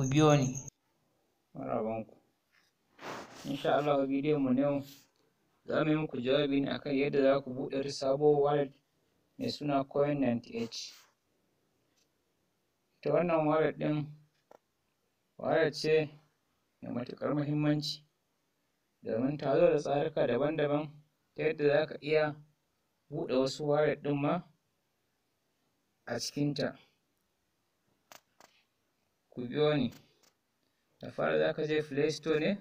ku biyo ni. Marabanku. Insha Allah bidiyon mu na yau za mu yi muku jawabi ne akan yadda za ku buɗe sabuwar wallet mai suna coin h Ta wannan wallet ɗin wallet ce mai matuƙar muhimmanci domin ta zo da tsarika daban-daban ta yadda za ka iya buɗe wasu wallet ɗin ma a cikinta. ku biyo ni da fara za ka je play store ne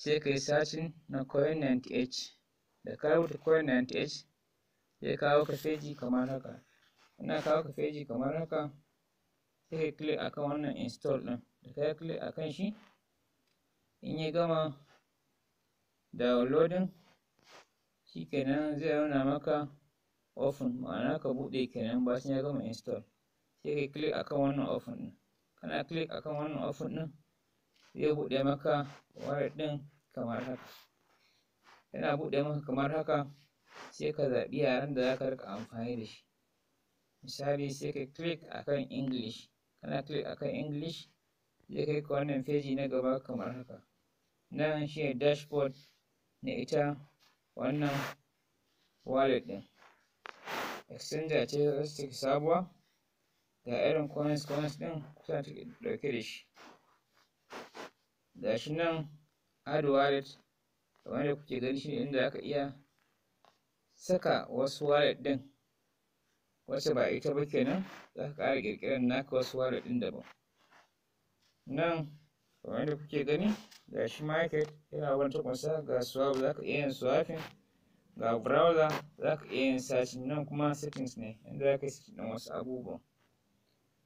sai ka yi sacin na coin 90h da ka rubuta coin 90h zai kawo ka feji kamar haka ina kawo ka feji kamar haka sai ka click akan wannan install din da ka click akan shi in ya gama downloading kenan zai nuna maka open ma'ana ka buɗe kenan bayan ya gama install sai ka click akan wannan offer ɗin kana click akan wannan offer ɗin zai buɗe maka wallet ɗin kamar haka yana buɗe maka kamar haka sai ka zaɓi yaren da za ka riƙa amfani da shi misali sai ka click akan English kana click akan English zai kai ka wannan page na gaba kamar haka nan shi ne dashboard na ita wannan wallet ɗin exchanger ce za su sabuwa ga irin comments comments ɗin kusa ɗauke da shi ga shi nan add wallet da kuke gani shi inda aka iya saka wasu wallet ɗin wacce ba ita ba kenan za ka ƙara ƙirƙirar naka wasu wallet ɗin daban nan kamar yadda kuke gani ga shi market yana wani takwasa ga swap za ka iya yin swapin ga browser za ka iya yin searching nan kuma settings ne inda za ka yi searching ɗin wasu abubuwan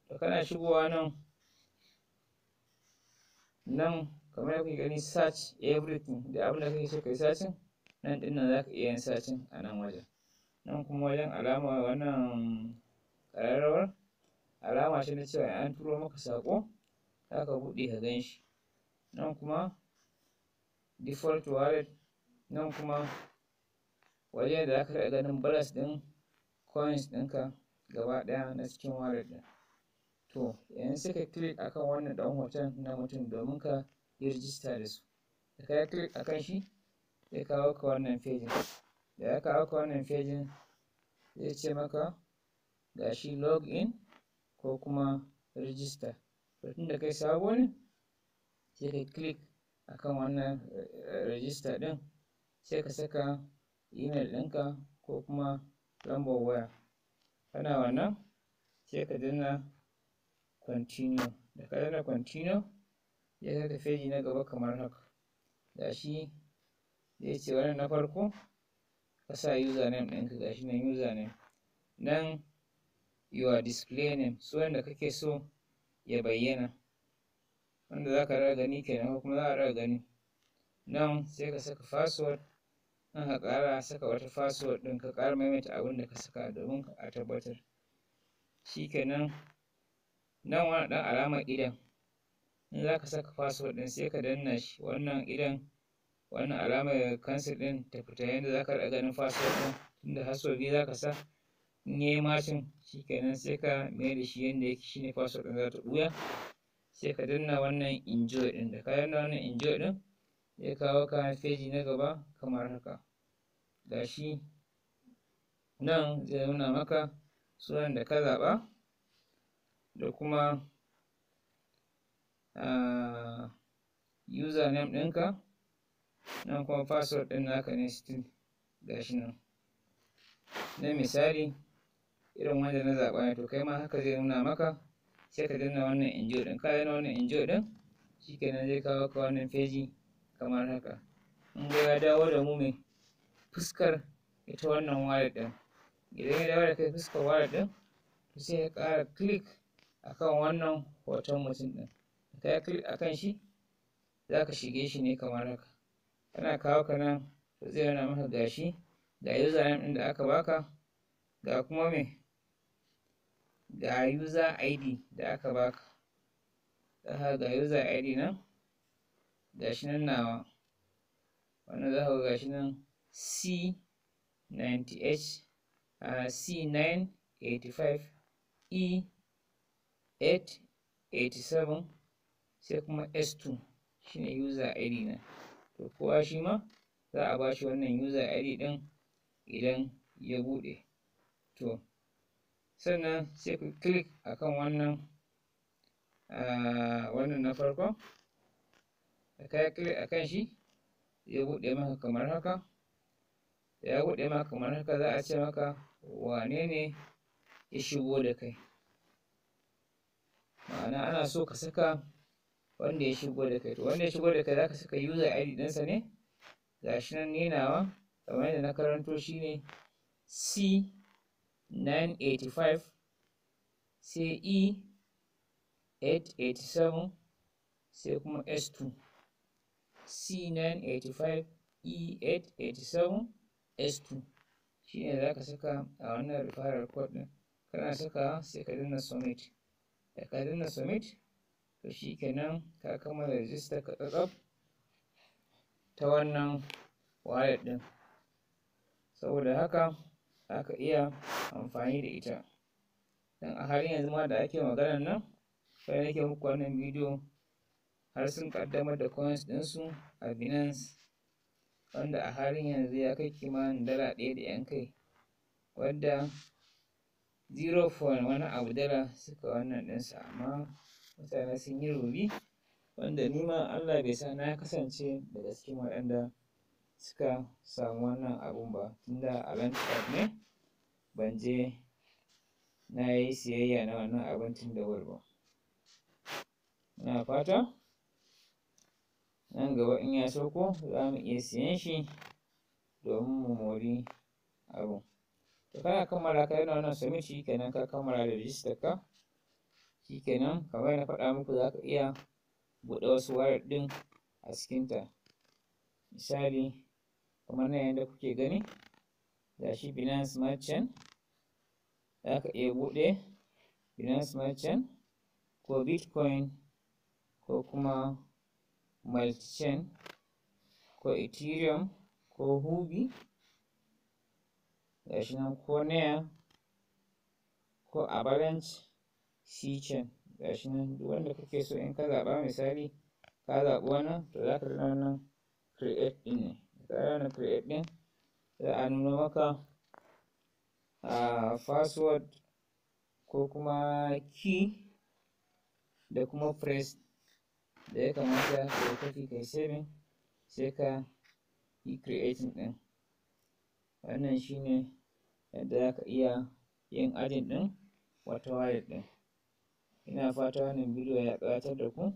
to kana shigowa nan nan kamar yadda kuke gani search everything da abin da kake so kai searching nan din nan zaka iya yin searching a nan wajen nan kuma wajen alama wannan ƙararrawar alama shi na cewa an turo maka saƙo zaka buɗe ka gan shi nan kuma default wallet nan kuma wajen da zaka riƙa ganin balance ɗin coins ɗinka gaba ɗaya na cikin wallet ɗin to yanzu sai ka click akan wannan ɗan hoton na mutum domin ka yi rijista da su da ka yi click akan shi ka hau ka wannan fejin da ya kawo ka wannan fejin zai ce maka ga shi log in ko kuma register to tunda kai sabo ne sai ka click akan wannan eh, register ɗin sai ka saka email ɗinka ko kuma lambar waya kana wannan sai ka danna continue da kada na continue ya kai ka feji na gaba kamar haka gashi zai ce wannan na farko ka sa username ɗinka gashi nan username nan your display name su wanda kake so ya bayyana wanda za ka rara gani kenan ko kuma za a rara gani nan sai ka saka password nan ka ƙara saka wata password ɗin ka ƙara maimaita abin da ka saka domin a tabbatar Shi shikenan nan wani ɗan alamar idan in za ka saka password ɗin sai ka danna shi wannan idan wannan alamar cancel ɗin ta fita yadda za ka riƙa ganin password ɗin tunda password ne za ka sa in ya yi shi kenan sai ka mai da shi yadda yake shine password ɗin za ta ɓuya sai ka danna wannan enjoy ɗin da ka danna wannan enjoy ɗin zai kawo ka feji na gaba kamar haka gashi nan zai nuna maka sunan da ka zaɓa da kuma uh, username ɗinka nan kuma password ɗin naka ne still gashi nan na misali irin wanda na zaɓa ne to kai ma haka zai nuna maka sai ka danna wannan injo ɗin ka na wannan injo ɗin shi shikenan zai kawo ka wannan feji kamar haka in ga ya dawo da mu mai fuskar ita wannan wallet ɗin idan ya dawo da kai fuskar wallet ɗin to sai ya ƙara click akan wannan hoton mutum ɗin ka yi click akan shi za ka shige shi ne kamar haka kana kawo ka nan zai yana maka gashi ga username ɗin da aka baka ga kuma me ga user id da aka baka za ga user id nan gashi nan nawa wannan za ka ga gashi nan c90h uh, c985e 8 sai kuma s2 shine user id na to kowa shi ma za a ba shi wannan user id din idan ya bude to sannan sai ku click akan wannan ah, wannan na farko da ka click akan shi ya bude maka kamar haka ya bude maka kamar haka za a ce maka wane ne ya shigo da kai ma'ana ana so ka saka wanda ya shigo da kai to wanda ya shigo da kai zaka saka user id ɗinsa ne gashi nan ne kamar yadda na karanto shine c 985 sai e 887 sai kuma s2 c 985 e 887 s2 shine ka saka a wannan referral code ɗin kana saka sai ka danna submit da ka danna submit to kenan ka kammala register ka tsatsaf ta wannan wallet din saboda haka aka iya amfani da ita don a halin yanzu ma da ake maganar nan sai nake muku wannan bidiyo har sun ƙaddamar da coins su a Binance wanda a halin yanzu ya kai kimanin dala ɗaya da 'yan kai wadda zero point wani abu dala suka wannan ɗinsa amma mutane sun yi rubi wanda ni ma Allah bai sa na kasance daga cikin waɗanda suka samu wannan abun ba tunda a Landcard ne ban je na yi siyayya na wannan abun tun da wuri ba ina fata nan gaba in ya sauko za mu iya siyan shi domin mu mori abu. to kana kammala ka yana wannan submit kenan ka kammala da register ka shikenan kamar na faɗa muku za ka iya buɗe wasu wayar ɗin a cikinta misali kamar na yadda kuke gani ga shi binance merchant za ka iya buɗe binance merchant ko bitcoin ko kuma multichain ko ethereum ko hubi gashinan shi ko nail ko avalanche keychain ga shi duk wanda kake so in ka zaɓa misali ka zaɓi wannan to za ka wannan create ɗin ne ka wannan create ɗin za a nuna maka a password ko kuma key da kuma press da ya kamata da kake kai saving sai ka yi creating ɗin wannan shine yadda za ka iya yin ajin ɗin wata wallet ɗin. Ina fata wannan bidiyo ya ƙayatar da ku.